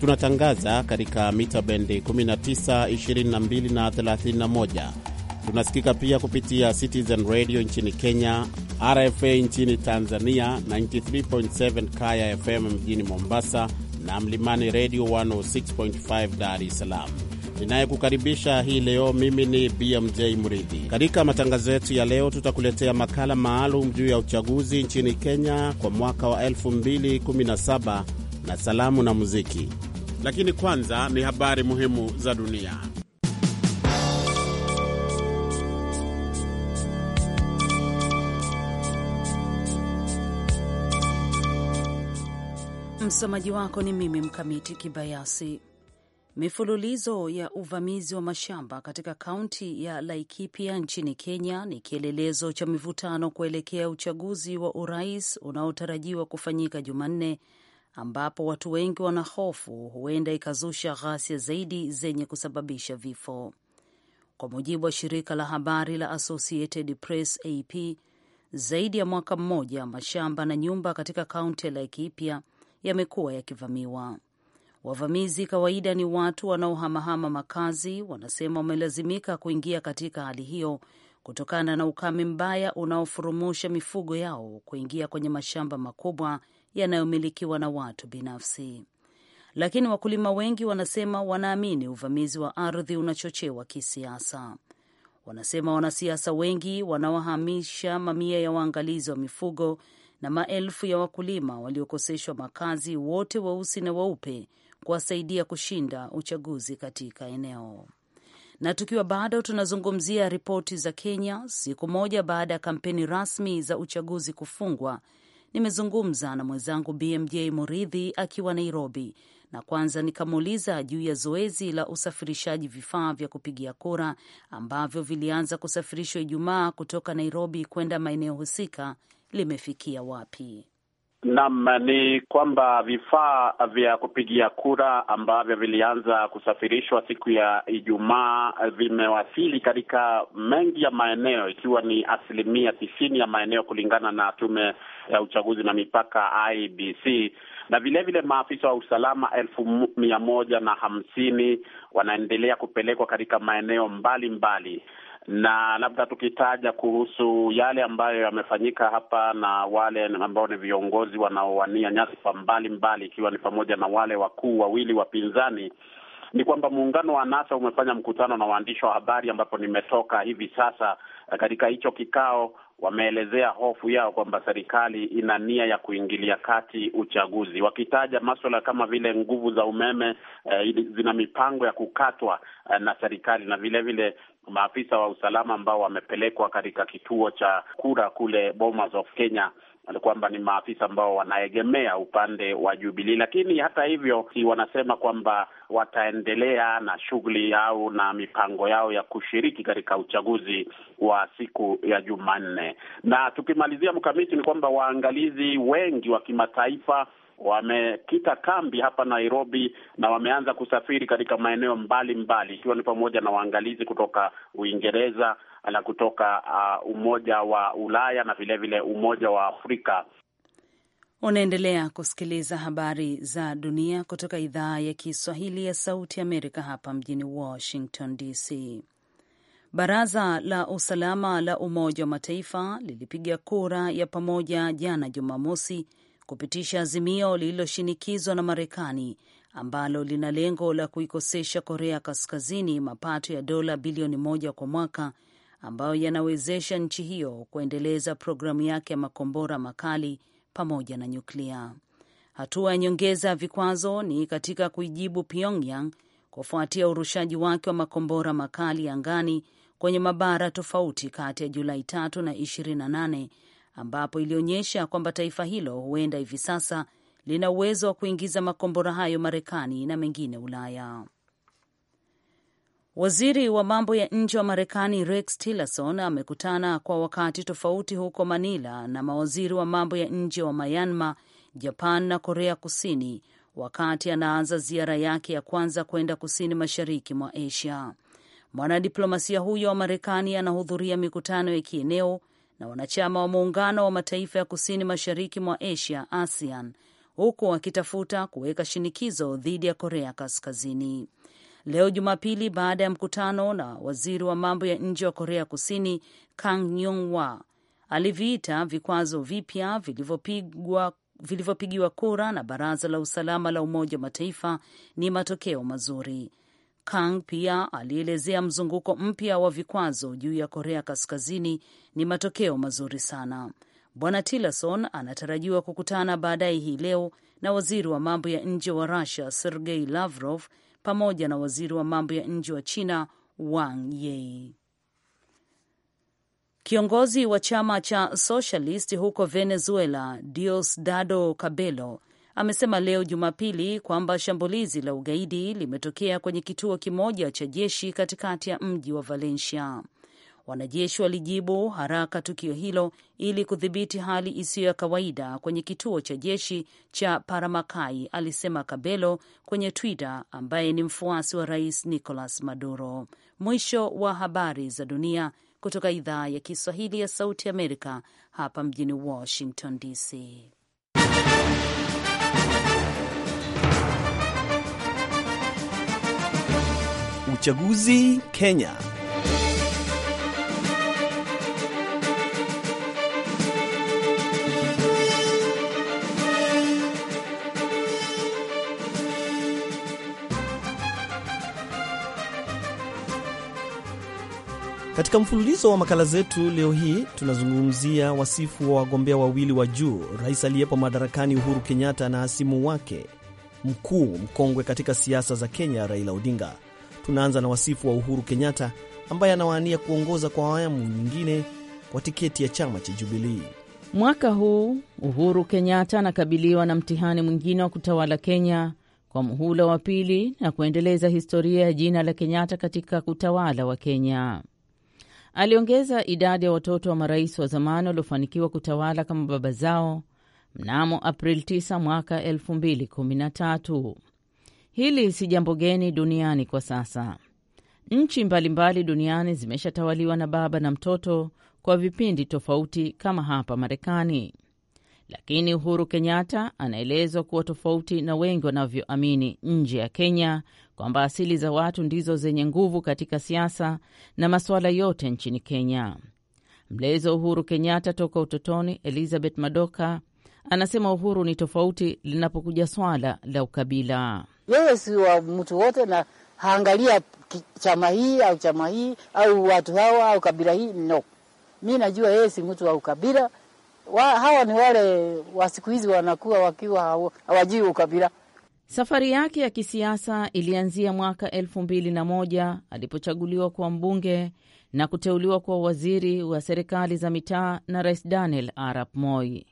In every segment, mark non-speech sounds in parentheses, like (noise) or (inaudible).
Tunatangaza katika mita bendi 19, 22 31. Tunasikika pia kupitia Citizen Radio nchini Kenya, RFA nchini Tanzania, 93.7 Kaya FM mjini Mombasa na Mlimani Radio 106.5 Dar es Salaam. Ninayekukaribisha hii leo mimi ni BMJ Mridhi. Katika matangazo yetu ya leo, tutakuletea makala maalum juu ya uchaguzi nchini Kenya kwa mwaka wa 2017 na salamu na muziki lakini kwanza ni habari muhimu za dunia. Msomaji wako ni mimi Mkamiti Kibayasi. Mifululizo ya uvamizi wa mashamba katika kaunti ya Laikipia nchini Kenya ni kielelezo cha mivutano kuelekea uchaguzi wa urais unaotarajiwa kufanyika Jumanne, ambapo watu wengi wanahofu huenda ikazusha ghasia zaidi zenye kusababisha vifo. Kwa mujibu wa shirika la habari la Associated Press AP, zaidi ya mwaka mmoja mashamba na nyumba katika kaunti ya Laikipia yamekuwa yakivamiwa. Wavamizi kawaida ni watu wanaohamahama makazi, wanasema wamelazimika kuingia katika hali hiyo kutokana na ukame mbaya unaofurumusha mifugo yao kuingia kwenye mashamba makubwa yanayomilikiwa na watu binafsi. Lakini wakulima wengi wanasema wanaamini uvamizi wa ardhi unachochewa kisiasa. Wanasema wanasiasa wengi wanawahamisha mamia ya waangalizi wa mifugo na maelfu ya wakulima waliokoseshwa makazi, wote weusi na weupe, kuwasaidia kushinda uchaguzi katika eneo. Na tukiwa bado tunazungumzia ripoti za Kenya, siku moja baada ya kampeni rasmi za uchaguzi kufungwa, nimezungumza na mwenzangu BMJ Muridhi akiwa Nairobi, na kwanza nikamuuliza juu ya zoezi la usafirishaji vifaa vya kupigia kura ambavyo vilianza kusafirishwa Ijumaa kutoka Nairobi kwenda maeneo husika limefikia wapi. Naam, ni kwamba vifaa vya kupigia kura ambavyo vilianza kusafirishwa siku ya Ijumaa vimewasili katika mengi ya maeneo, ikiwa ni asilimia tisini ya maeneo kulingana na tume ya uchaguzi na mipaka IBC, na vilevile vile maafisa wa usalama elfu mia moja na hamsini wanaendelea kupelekwa katika maeneo mbalimbali mbali na labda tukitaja kuhusu yale ambayo yamefanyika hapa na wale ambao ni viongozi wanaowania nyadhifa mbalimbali, ikiwa ni pamoja na wale wakuu wawili wapinzani, ni kwamba muungano wa NASA umefanya mkutano na waandishi wa habari, ambapo nimetoka hivi sasa katika hicho kikao wameelezea hofu yao kwamba serikali ina nia ya kuingilia kati uchaguzi, wakitaja maswala kama vile nguvu za umeme eh, zina mipango ya kukatwa eh, na serikali na vilevile vile maafisa wa usalama ambao wamepelekwa katika kituo cha kura kule Bomas of Kenya kwamba ni maafisa ambao wanaegemea upande wa Jubilii. Lakini hata hivyo, si wanasema kwamba wataendelea na shughuli yao na mipango yao ya kushiriki katika uchaguzi wa siku ya Jumanne. Na tukimalizia, mkamiti, ni kwamba waangalizi wengi wa kimataifa wamekita kambi hapa Nairobi na wameanza kusafiri katika maeneo mbalimbali, ikiwa mbali ni pamoja na waangalizi kutoka Uingereza, na kutoka uh, Umoja wa Ulaya na vilevile vile Umoja wa Afrika. Unaendelea kusikiliza habari za dunia kutoka idhaa ya Kiswahili ya Sauti Amerika hapa mjini Washington DC. Baraza la Usalama la Umoja wa Mataifa lilipiga kura ya pamoja jana Jumamosi kupitisha azimio lililoshinikizwa na Marekani ambalo lina lengo la kuikosesha Korea Kaskazini mapato ya dola bilioni moja kwa mwaka ambayo yanawezesha nchi hiyo kuendeleza programu yake ya makombora makali pamoja na nyuklia. Hatua ya nyongeza ya vikwazo ni katika kuijibu Pyongyang kufuatia urushaji wake wa makombora makali angani kwenye mabara tofauti kati ya Julai tatu na 28 ambapo ilionyesha kwamba taifa hilo huenda hivi sasa lina uwezo wa kuingiza makombora hayo Marekani na mengine Ulaya. Waziri wa mambo ya nje wa Marekani Rex Tillerson amekutana kwa wakati tofauti huko Manila na mawaziri wa mambo ya nje wa Myanmar, Japan na Korea Kusini wakati anaanza ziara yake ya kwanza kwenda kusini mashariki mwa Asia. Mwanadiplomasia huyo wa Marekani anahudhuria mikutano ya kieneo na wanachama wa Muungano wa Mataifa ya Kusini Mashariki mwa Asia, ASEAN, huku akitafuta kuweka shinikizo dhidi ya Korea Kaskazini leo Jumapili baada ya mkutano na waziri wa mambo ya nje wa Korea Kusini Kang Nyung Wa. Aliviita vikwazo vipya vilivyopigwa vilivyopigiwa kura na Baraza la Usalama la Umoja wa Mataifa ni matokeo mazuri. Kang pia alielezea mzunguko mpya wa vikwazo juu ya Korea Kaskazini ni matokeo mazuri sana. Bwana Tillerson anatarajiwa kukutana baadaye hii leo na waziri wa mambo ya nje wa Russia Sergei Lavrov pamoja na waziri wa mambo ya nje wa China Wang Yi. Kiongozi wa chama cha Socialist huko Venezuela Diosdado Cabello amesema leo Jumapili kwamba shambulizi la ugaidi limetokea kwenye kituo kimoja cha jeshi katikati ya mji wa Valencia. Wanajeshi walijibu haraka tukio hilo ili kudhibiti hali isiyo ya kawaida kwenye kituo cha jeshi cha Paramakai, alisema Kabelo kwenye Twitter, ambaye ni mfuasi wa Rais Nicolas Maduro. Mwisho wa habari za dunia kutoka idhaa ya Kiswahili ya Sauti Amerika hapa mjini Washington DC. Uchaguzi Kenya. Katika mfululizo wa makala zetu leo hii tunazungumzia wasifu wa wagombea wawili wa juu, rais aliyepo madarakani Uhuru Kenyatta na hasimu wake mkuu mkongwe katika siasa za Kenya, Raila Odinga. Tunaanza na wasifu wa Uhuru Kenyatta ambaye anawania kuongoza kwa awamu nyingine kwa tiketi ya chama cha Jubilii. Mwaka huu Uhuru Kenyatta anakabiliwa na mtihani mwingine wa kutawala Kenya kwa muhula wa pili na kuendeleza historia ya jina la Kenyatta katika utawala wa Kenya. Aliongeza idadi ya watoto wa marais wa zamani waliofanikiwa kutawala kama baba zao mnamo Aprili 9 mwaka 2013. Hili si jambo geni duniani kwa sasa. Nchi mbalimbali duniani zimeshatawaliwa na baba na mtoto kwa vipindi tofauti, kama hapa Marekani. Lakini Uhuru Kenyatta anaelezwa kuwa tofauti na wengi wanavyoamini nje ya Kenya kwamba asili za watu ndizo zenye nguvu katika siasa na masuala yote nchini Kenya. Mlezi wa Uhuru Kenyatta toka utotoni, Elizabeth Madoka, anasema uhuru ni tofauti linapokuja swala la ukabila. Yeye si wa mtu wote, na haangalia chama hii au chama hii au watu hawa au kabila hii. No, mi najua yeye si mtu wa ukabila wa, hawa ni wale wa siku hizi wanakuwa wakiwa hawajui ukabila. Safari yake ya kisiasa ilianzia mwaka elfu mbili na moja alipochaguliwa kuwa mbunge na kuteuliwa kwa waziri wa serikali za mitaa na Rais Daniel Arap Moi.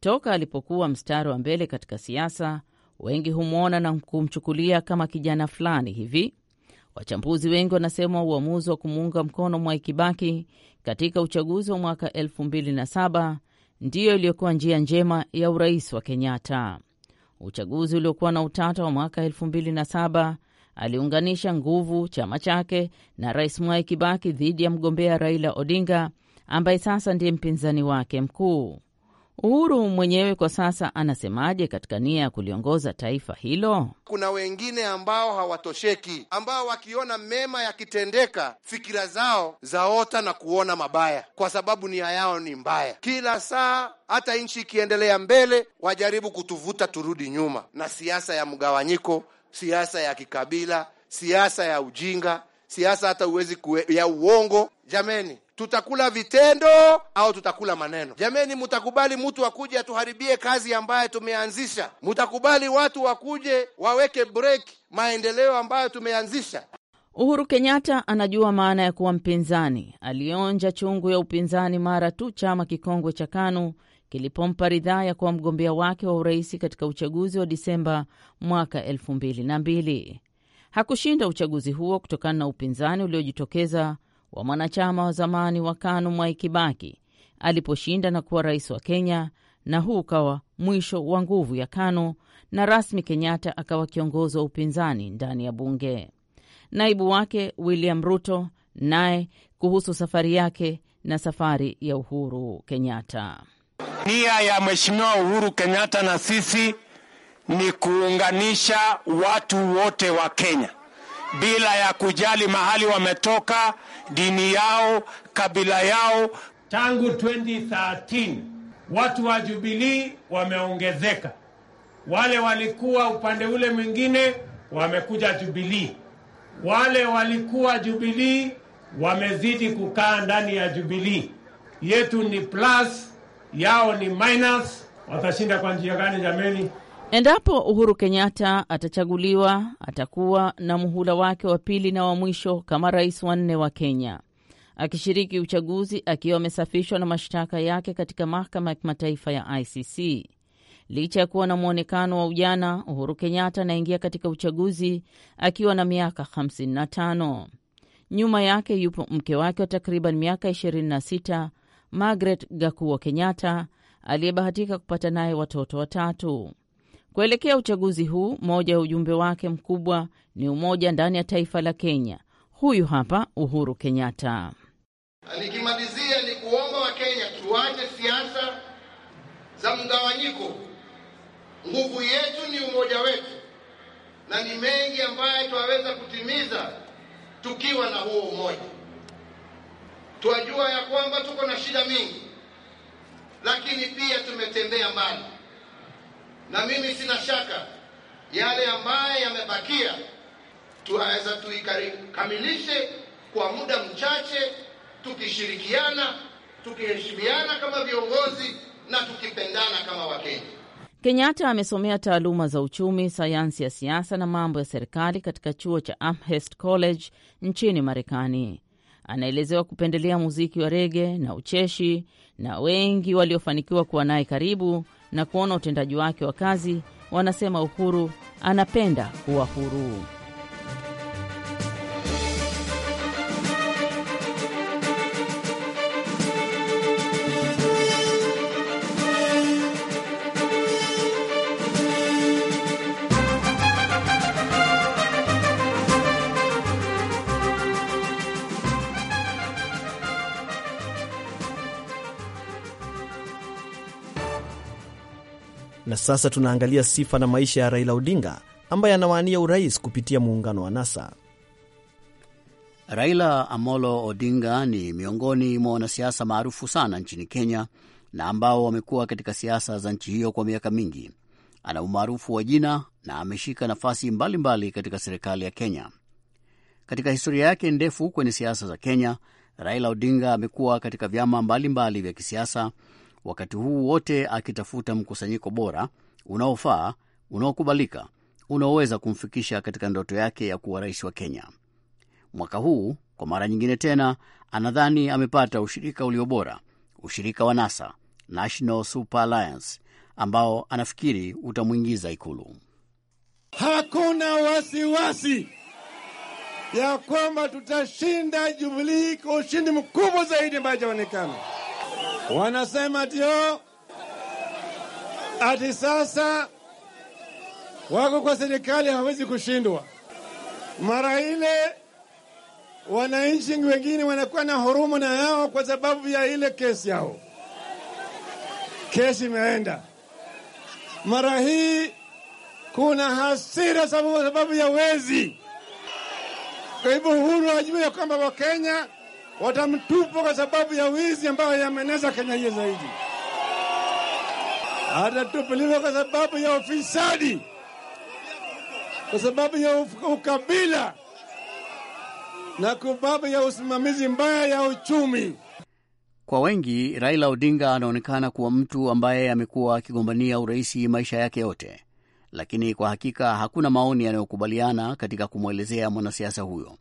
Toka alipokuwa mstari wa mbele katika siasa, wengi humwona na kumchukulia kama kijana fulani hivi. Wachambuzi wengi wanasema uamuzi wa kumuunga mkono Mwai Kibaki katika uchaguzi wa mwaka elfu mbili na saba ndiyo iliyokuwa njia njema ya urais wa Kenyatta. Uchaguzi uliokuwa na utata wa mwaka 2007 aliunganisha nguvu chama chake na Rais Mwai Kibaki dhidi ya mgombea Raila Odinga ambaye sasa ndiye mpinzani wake mkuu. Uhuru mwenyewe kwa sasa anasemaje katika nia ya kuliongoza taifa hilo? Kuna wengine ambao hawatosheki, ambao wakiona mema yakitendeka fikira zao zaota na kuona mabaya, kwa sababu nia yao ni mbaya. Kila saa hata nchi ikiendelea mbele, wajaribu kutuvuta turudi nyuma, na siasa ya mgawanyiko, siasa ya kikabila, siasa ya ujinga, siasa hata uwezi kue, ya uongo. Jameni, tutakula vitendo au tutakula maneno? Jameni, mutakubali mtu akuje atuharibie kazi ambayo tumeanzisha? mutakubali watu wakuje waweke break maendeleo ambayo tumeanzisha? Uhuru Kenyatta anajua maana ya kuwa mpinzani. Alionja chungu ya upinzani mara tu chama kikongwe cha KANU kilipompa ridhaa ya kuwa mgombea wake wa urais katika uchaguzi wa Disemba mwaka elfu mbili na mbili. Hakushinda uchaguzi huo kutokana na upinzani uliojitokeza wa mwanachama wa zamani wa KANU Mwai Kibaki aliposhinda na kuwa rais wa Kenya, na huu ukawa mwisho wa nguvu ya KANU na rasmi Kenyatta akawa kiongozi wa upinzani ndani ya bunge. Naibu wake William Ruto naye kuhusu safari yake na safari ya Uhuru Kenyatta. Nia ya Mheshimiwa Uhuru Kenyatta na sisi ni kuunganisha watu wote wa Kenya bila ya kujali mahali wametoka, dini yao, kabila yao. Tangu 2013 watu wa Jubilii wameongezeka, wale walikuwa upande ule mwingine wamekuja Jubilii, wale walikuwa Jubilii wamezidi kukaa ndani ya Jubilii. Yetu ni plus, yao ni minus. Watashinda kwa njia gani jameni? Endapo Uhuru Kenyatta atachaguliwa, atakuwa na muhula wake wa pili na wa mwisho kama rais wa nne wa Kenya, akishiriki uchaguzi akiwa amesafishwa na mashtaka yake katika mahakama ya kimataifa ya ICC. Licha ya kuwa na mwonekano wa ujana, Uhuru Kenyatta anaingia katika uchaguzi akiwa na miaka 55. Nyuma yake yupo mke wake wa takriban miaka 26, Margaret Gakuo Kenyatta, aliyebahatika kupata naye watoto watatu. Kuelekea uchaguzi huu, moja ya ujumbe wake mkubwa ni umoja ndani ya taifa la Kenya. Huyu hapa Uhuru Kenyatta alikimalizia ni kuomba Wakenya tuache siasa za mgawanyiko. Nguvu yetu ni umoja wetu, na ni mengi ambayo twaweza kutimiza tukiwa na huo umoja. Twajua ya kwamba tuko na shida mingi, lakini pia tumetembea mbali na mimi sina shaka yale ambaye yamebakia tunaweza tuikamilishe kwa muda mchache tukishirikiana tukiheshimiana kama viongozi na tukipendana kama Wakenya. Kenyatta amesomea taaluma za uchumi, sayansi ya siasa na mambo ya serikali katika chuo cha amhest College nchini Marekani. Anaelezewa kupendelea muziki wa rege na ucheshi, na wengi waliofanikiwa kuwa naye karibu na kuona utendaji wake wa kazi, wanasema Uhuru anapenda kuwa huru. Na sasa tunaangalia sifa na maisha ya Raila Odinga ambaye anawania urais kupitia muungano wa NASA. Raila Amolo Odinga ni miongoni mwa wanasiasa maarufu sana nchini Kenya na ambao wamekuwa katika siasa za nchi hiyo kwa miaka mingi. Ana umaarufu wa jina na ameshika nafasi mbalimbali mbali katika serikali ya Kenya. Katika historia yake ndefu kwenye siasa za Kenya, Raila Odinga amekuwa katika vyama mbalimbali mbali vya kisiasa wakati huu wote akitafuta mkusanyiko bora unaofaa, unaokubalika, unaoweza kumfikisha katika ndoto yake ya kuwa rais wa Kenya. Mwaka huu kwa mara nyingine tena anadhani amepata ushirika ulio bora, ushirika wa NASA, National Super Alliance, ambao anafikiri utamwingiza Ikulu. Hakuna wasiwasi ya kwamba tutashinda Jubilii kwa ushindi mkubwa zaidi ambayo ijaonekana. Wanasema tio oh, ati sasa wako kwa serikali hawezi kushindwa. Mara ile wananchi wengine wanakuwa na huruma na yao kwa sababu ya ile kesi yao, kesi imeenda. Mara hii kuna hasira sababu ya wezi. Kwa hivyo Uhuru ajue ya kwamba Wakenya watamtupa kwa sababu ya wizi ambayo yameneza Kenya hiyo zaidi. Atatupiliwa kwa sababu ya ufisadi, kwa sababu ya ukabila na kwa sababu ya usimamizi mbaya ya uchumi. Kwa wengi, Raila Odinga anaonekana kuwa mtu ambaye amekuwa akigombania uraisi maisha yake yote, lakini kwa hakika hakuna maoni yanayokubaliana katika kumwelezea mwanasiasa huyo.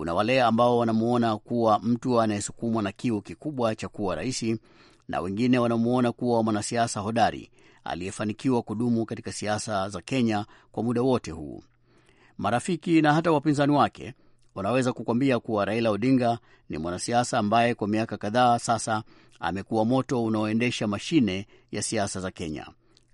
Kuna wale ambao wanamuona kuwa mtu anayesukumwa na kiu kikubwa cha kuwa raisi na wengine wanamuona kuwa mwanasiasa hodari aliyefanikiwa kudumu katika siasa za Kenya kwa muda wote huu. Marafiki na hata wapinzani wake wanaweza kukwambia kuwa Raila Odinga ni mwanasiasa ambaye kwa miaka kadhaa sasa amekuwa moto unaoendesha mashine ya siasa za Kenya.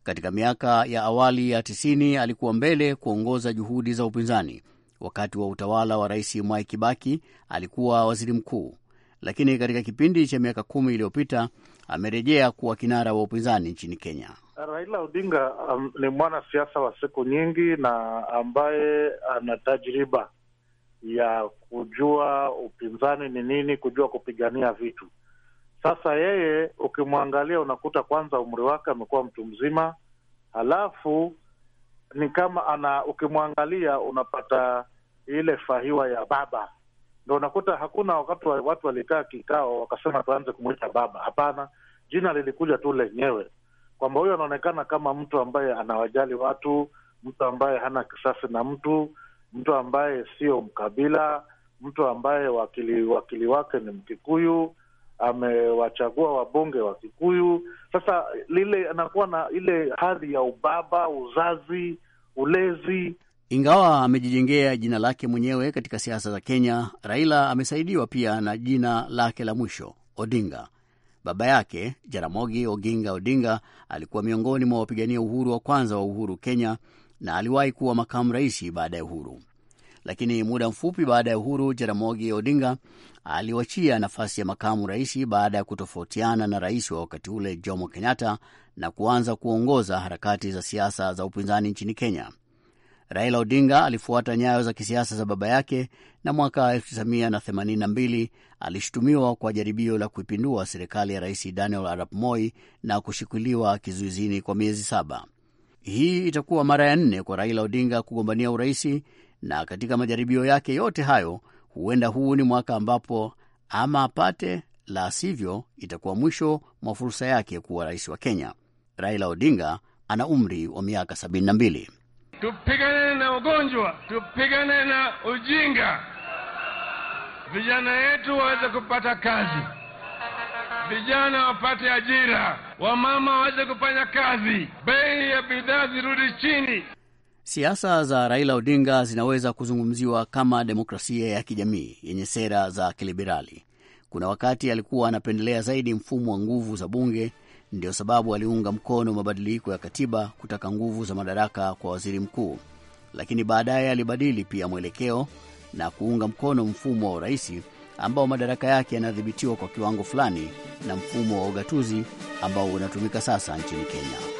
Katika miaka ya awali ya tisini alikuwa mbele kuongoza juhudi za upinzani Wakati wa utawala wa Rais Mwai Kibaki alikuwa waziri mkuu, lakini katika kipindi cha miaka kumi iliyopita amerejea kuwa kinara wa upinzani nchini Kenya. Raila Odinga um, ni mwanasiasa wa siku nyingi na ambaye ana tajriba ya kujua upinzani ni nini, kujua kupigania vitu. Sasa yeye ukimwangalia unakuta kwanza umri wake amekuwa mtu mzima, halafu ni kama ana, ukimwangalia unapata ile fahiwa ya baba. Ndo unakuta hakuna wakati watu walikaa kikao wakasema tuanze kumwita baba. Hapana, jina lilikuja tu lenyewe, kwamba huyu anaonekana kama mtu ambaye anawajali watu, mtu ambaye hana kisasi na mtu, mtu ambaye sio mkabila, mtu ambaye wakili, wakili wake ni Mkikuyu, amewachagua wabunge wa Kikuyu. Sasa lile anakuwa na ile hadhi ya ubaba, uzazi ulezi. Ingawa amejijengea jina lake mwenyewe katika siasa za Kenya, Raila amesaidiwa pia na jina lake la mwisho Odinga. Baba yake Jaramogi Oginga Odinga alikuwa miongoni mwa wapigania uhuru wa kwanza wa uhuru Kenya na aliwahi kuwa makamu rais baada ya uhuru. Lakini muda mfupi baada ya uhuru, Jaramogi Odinga aliwachia nafasi ya makamu rais baada ya kutofautiana na rais wa wakati ule Jomo Kenyatta na kuanza kuongoza harakati za siasa za upinzani nchini Kenya. Raila Odinga alifuata nyayo za kisiasa za baba yake na mwaka 1982 alishutumiwa kwa jaribio la kuipindua serikali ya Rais Daniel Arap Moi na kushikiliwa kizuizini kwa miezi saba. Hii itakuwa mara ya nne kwa Raila Odinga kugombania uraisi, na katika majaribio yake yote hayo, huenda huu ni mwaka ambapo ama apate, la sivyo itakuwa mwisho mwa fursa yake kuwa rais wa Kenya. Raila Odinga ana umri wa miaka 72. Tupigane na ugonjwa, tupigane na ujinga, vijana yetu waweze kupata kazi, vijana wapate ajira, wamama waweze kufanya kazi, bei ya bidhaa zirudi chini. Siasa za Raila Odinga zinaweza kuzungumziwa kama demokrasia ya kijamii yenye sera za kiliberali. Kuna wakati alikuwa anapendelea zaidi mfumo wa nguvu za bunge ndio sababu aliunga mkono mabadiliko ya katiba kutaka nguvu za madaraka kwa waziri mkuu, lakini baadaye alibadili pia mwelekeo na kuunga mkono mfumo wa urais ambao madaraka yake yanadhibitiwa kwa kiwango fulani na mfumo wa ugatuzi ambao unatumika sasa nchini Kenya.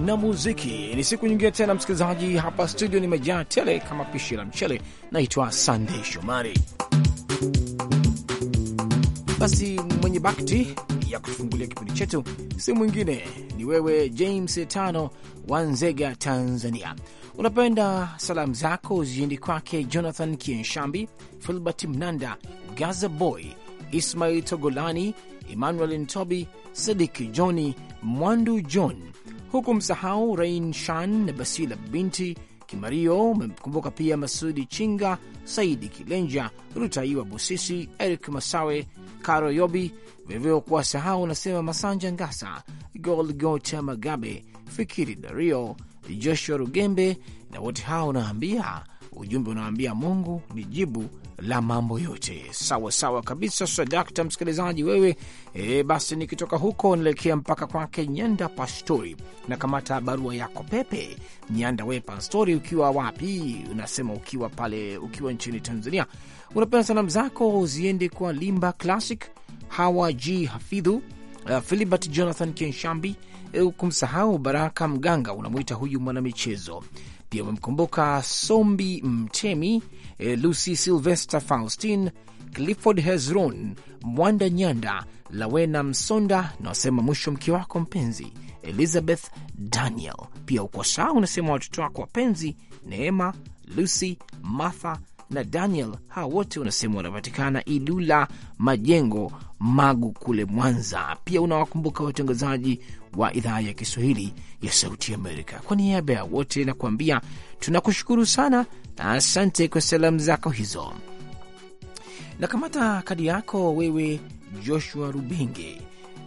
na muziki. Ni siku nyingine tena, msikilizaji, hapa studio nimejaa tele kama pishi la mchele. Naitwa Sandey Shomari. Basi mwenye bakti ya kutufungulia kipindi chetu si mwingine ni wewe James Tano wa Nzega, Tanzania. Unapenda salamu zako ziendi kwake Jonathan Kienshambi, Filbert Mnanda, Gaza Boy, Ismail Togolani, Emmanuel Ntobi, Sadik Johni Mwandu, John huku msahau Rain Shan na Basila Binti Kimario. Umemkumbuka pia Masudi Chinga, Saidi Kilenja, Rutaiwa Busisi, Eric Masawe, Karo Yobi, kuwa sahau unasema Masanja Ngasa, Golgota Magabe, Fikiri Dario, Joshua Rugembe, na wote hao unaambia ujumbe, unaambia Mungu ni jibu la mambo yote. Sawa sawa kabisa, Sadakta msikilizaji wewe. E, basi nikitoka huko naelekea mpaka kwake Nyanda Pastori nakamata barua yako pepe. Nyanda we Pastori, ukiwa wapi? Unasema ukiwa pale, ukiwa nchini Tanzania. Unapenda salamu zako ziende kwa Limba Classic, Hawa G Hafidhu, uh, Filibert Jonathan Kenshambi, e, kumsahau Baraka Mganga, unamwita huyu mwanamichezo pia. Umemkumbuka Sombi Mtemi Eh, Lucy Sylvester Faustin, Clifford Hezron, Mwanda Nyanda, Lawena Msonda na wasema mwisho mke wako mpenzi Elizabeth Daniel. Pia uko saa unasema watoto wako wapenzi Neema, Lucy, Martha na Daniel. Hawa wote unasema wanapatikana Ilula Majengo, Magu kule Mwanza. Pia unawakumbuka watangazaji wa idhaa ya Kiswahili ya Sauti Amerika. Kwa niaba ya wote nakuambia tunakushukuru sana Asante kwa salamu zako hizo. Na kamata kadi yako wewe, Joshua Rubenge.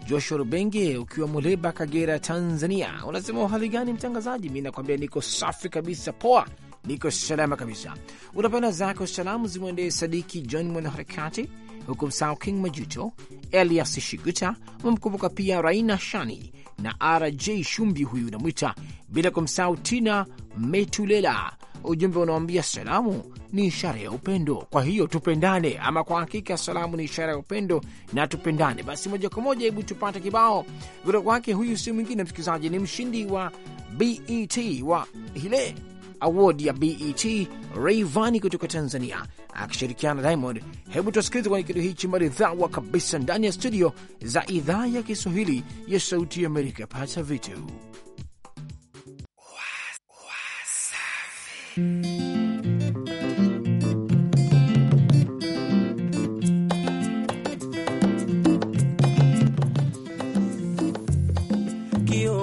Joshua Rubenge, ukiwa Muleba, Kagera, Tanzania, unasema uhali gani mtangazaji? Mi nakwambia niko safi kabisa, poa, niko salama kabisa. Unapenda zako salamu zimwendee Sadiki John mwanaharakati huku msao King Majuto, Elias Shiguta umemkumbuka pia Raina Shani na RJ Shumbi, huyu unamwita bila kumsahau Tina Metulela ujumbe unawambia salamu ni ishara ya upendo, kwa hiyo tupendane. Ama kwa hakika salamu ni ishara ya upendo na tupendane. Basi moja kwa moja, hebu tupate kibao kutoka kwake. Huyu si mwingine msikilizaji, ni mshindi wa BET wa ile award ya BET Rayvanny kutoka Tanzania akishirikiana na Diamond. Hebu tusikilize kwenye kitu hichi maridhawa kabisa ndani ya studio za idhaa ya Kiswahili ya Sauti ya Amerika. Pata vitu Kio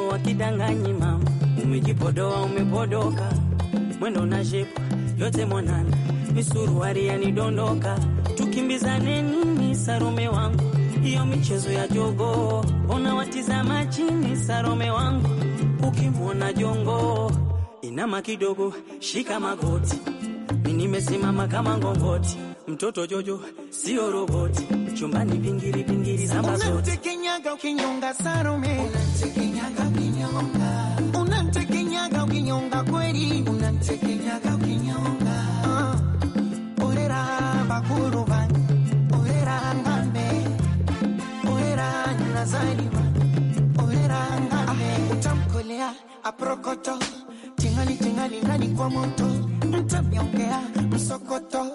wakidanganyi mama, umejipodoa umepodoka, mwendo na shepu yote mwanana, misuruari yanidondoka, tukimbizane nini sarume wangu hiyo michezo ya jogo, ona watizama chini, sarome wangu, ukimwona jongoo inama kidogo, shika magoti, nimesimama kama ngongoti, mtoto Jojo sio roboti, chumbani pingiri pingiri zamba zote, unatekenyaga ukinyonga sarume ukinyonga kweli, ukinyonga, uh, orera bakuru orera ngambe, orera orera ngambe, ah, utamkolea aprokoto mkali ndani kwa moto, mtaniongea msokoto,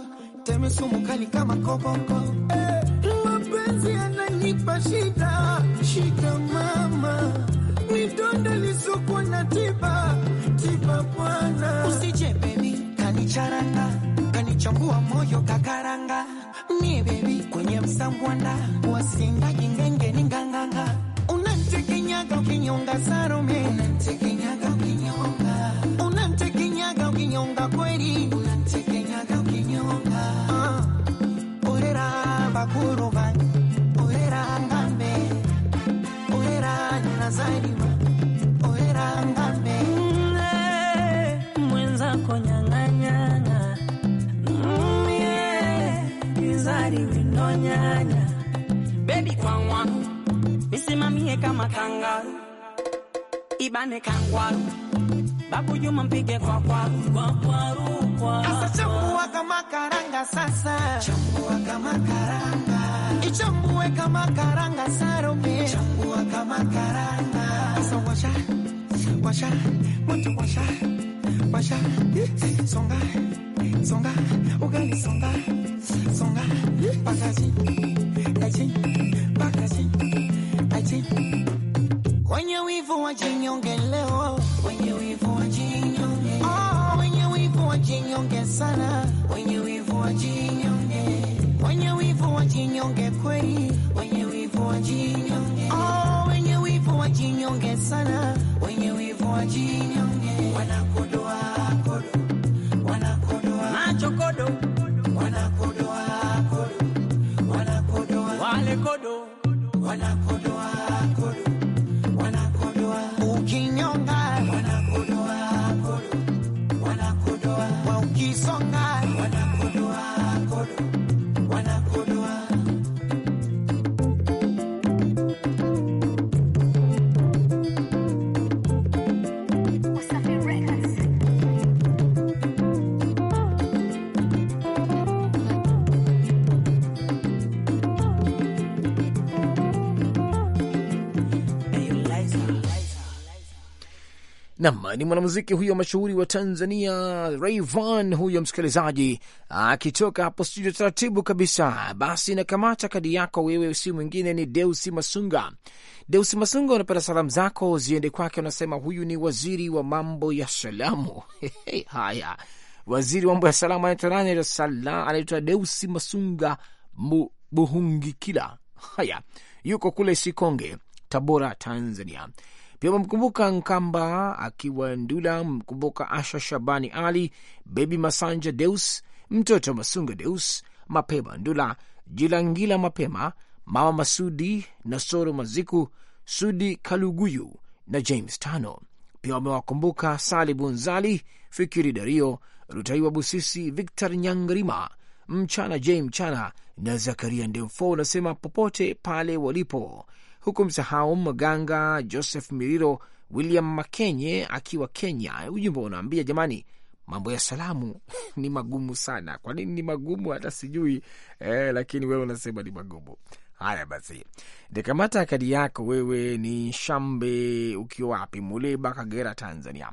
teme kali kama koboko. Eh, mapenzi yananipa shida shida, mama, ni donda na tiba tiba, bwana usije bebi, kanicharanga kanichambua moyo kakaranga mie bebi kwenye msambwanda wasindaji ngenge ni nganganga unantekenyaga ukinyonga sarome kama kangaru, ibane kangwaru, babu Juma mpige kwa kwaru, kwa kwaru, kwa sasa. Chambua kama karanga sasa, chambua kama karanga, ichambue kama karanga sarope, chambua kama karanga sasa. Washa washa moto, washa washa, songa songa, ugali songa songa, pakaji kaji pakaji yote wenye wivu wajinyonge leo, wenye wivu oh, wivu sana, wivu wivu kweli, wivu oh, wivu sana, wivu wanakodoa kodo, wanakodoa macho kodo, wanakodoa kodo, wanakodoa wale kodo, wanakodoa Nam ni mwanamuziki huyo mashuhuri wa Tanzania, Rayvan huyo msikilizaji, akitoka hapo studio taratibu kabisa. Basi nakamata kadi yako wewe, si mwingine ni Deusi Masunga. Deusi Masunga, unapenda salamu zako ziende kwake, unasema huyu ni waziri wa mambo ya salamu. (laughs) Haya, waziri wa mambo ya salamu anaitwa nani? Anaitwa Deusi Masunga Buhungikila. Haya, yuko kule Sikonge, Tabora, Tanzania. Pia wamemkumbuka Nkamba akiwa Ndula, mkumbuka Asha Shabani Ali, Bebi Masanja Deus, mtoto Masunga Deus, Mapema Ndula, Jilangila Mapema, Mama Masudi, Nasoro Maziku, Sudi Kaluguyu na James Tano. Pia wamewakumbuka Sali Bunzali, Fikiri Dario, Rutaiwa Busisi, Victor Nyangrima, Mchana J Mchana na Zakaria Ndemfo, unasema popote pale walipo huku msahau mganga Joseph Miriro William Makenye akiwa Kenya. Ujumbe unaambia jamani, mambo ya salamu (laughs) ni magumu sana. Kwa nini ni magumu? Hata sijui eh, lakini wewe unasema ni magumu. Haya basi, nikamata kadi yako. Wewe ni Shambe, ukiwa wapi? Muleba, Kagera, Tanzania.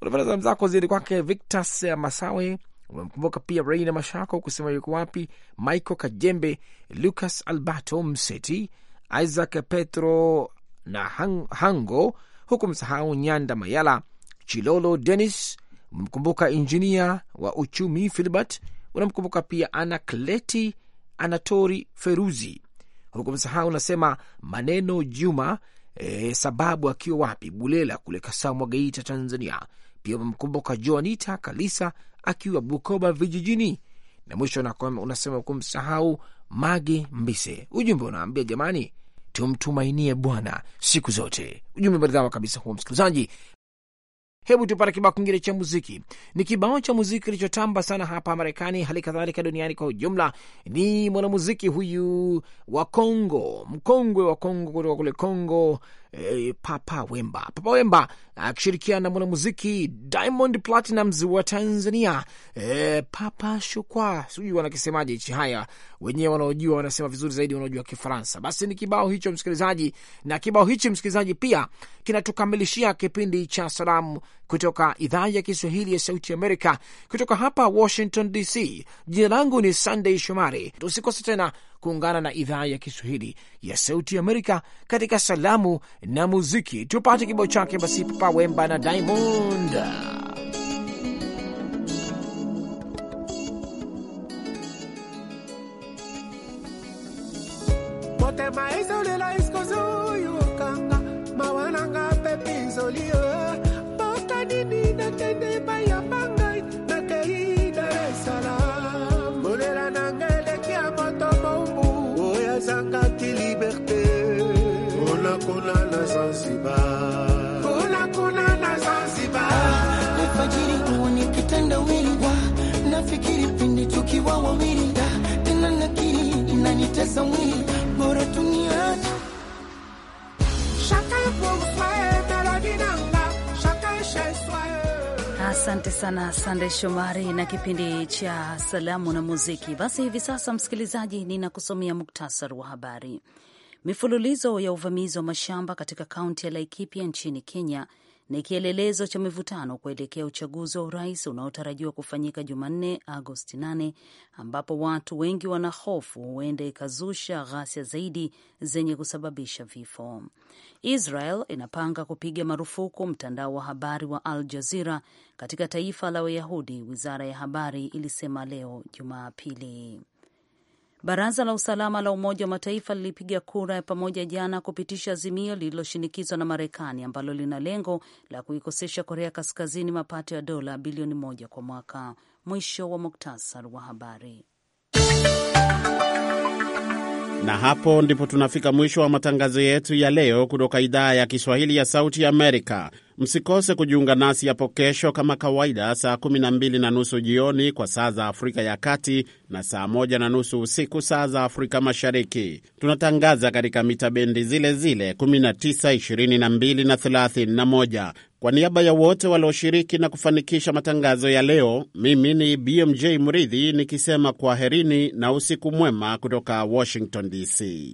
Unapenda salamu zako ziende kwake Victas Masawe, umemkumbuka pia Reina Mashako, kusema yuko wapi, Michael Kajembe, Lucas Alberto Mseti Isaac Petro na hang, Hango, huku msahau Nyanda Mayala, Chilolo denis unamkumbuka injinia wa uchumi Filbert, unamkumbuka pia Anakleti Anatori Feruzi, huku msahau unasema maneno Juma e, sababu akiwa wapi Bulela kule Kasamwa, Geita, Tanzania. Pia umemkumbuka Joanita Kalisa akiwa Bukoba vijijini, na mwisho unasema kumsahau Mage Mbise. Ujumbe unaambia jamani, tumtumainie Bwana siku zote. Ujumbe maridhawa kabisa huo, msikilizaji. Hebu tupate kibao kingine cha muziki. Ni kibao cha muziki kilichotamba sana hapa Marekani, hali kadhalika duniani kwa ujumla. Ni mwanamuziki huyu wa Kongo, mkongwe wa Kongo, kutoka kule Kongo eh, Papa Wemba. Papa Wemba akishirikiana na mwanamuziki Diamond Platnumz wa Tanzania eh, Papa Shukwa, sijui wanakisemaje hichi. Haya, wenyewe wanaojua wanasema vizuri zaidi, wanaojua Kifaransa. Basi ni kibao hicho msikilizaji, na kibao hichi msikilizaji pia kinatukamilishia kipindi cha salamu kutoka idhaa ya Kiswahili ya Sauti Amerika, kutoka hapa Washington DC. Jina langu ni Sunday Shomari, tusikose tena kuungana na idhaa ya Kiswahili ya Sauti Amerika katika salamu na muziki. Tupate kibao chake basi, Papa Wemba na Diamond. kulala Zanzibar, Zanzibar. Alfajiri kitendawili, nafikiri pindi tukiwa wawili, tena nakiri inanitesa mwili, bora tuniache Asante sana Sande Shomari na kipindi cha salamu na muziki. Basi hivi sasa, msikilizaji, ninakusomea muktasari wa habari. Mifululizo ya uvamizi wa mashamba katika kaunti ya Laikipia nchini Kenya ni kielelezo cha mivutano kuelekea uchaguzi wa urais unaotarajiwa kufanyika Jumanne, Agosti 8, ambapo watu wengi wanahofu huenda ikazusha ghasia zaidi zenye kusababisha vifo. Israel inapanga kupiga marufuku mtandao wa habari wa Al Jazira katika taifa la Wayahudi, wizara ya habari ilisema leo Jumapili. Baraza la usalama la Umoja wa Mataifa lilipiga kura ya pamoja jana kupitisha azimio lililoshinikizwa na Marekani ambalo lina lengo la kuikosesha Korea Kaskazini mapato ya dola bilioni moja kwa mwaka. Mwisho wa muktasar wa habari. Na hapo ndipo tunafika mwisho wa matangazo yetu ya leo kutoka idhaa ya Kiswahili ya Sauti Amerika. Msikose kujiunga nasi hapo kesho kama kawaida, saa 12 na nusu jioni kwa saa za Afrika ya Kati na saa 1 na nusu usiku saa za Afrika Mashariki. Tunatangaza katika mita bendi zile zile 19, 22 na 31. Kwa niaba ya wote walioshiriki na kufanikisha matangazo ya leo, mimi ni BMJ Mridhi nikisema kwaherini na usiku mwema kutoka Washington DC.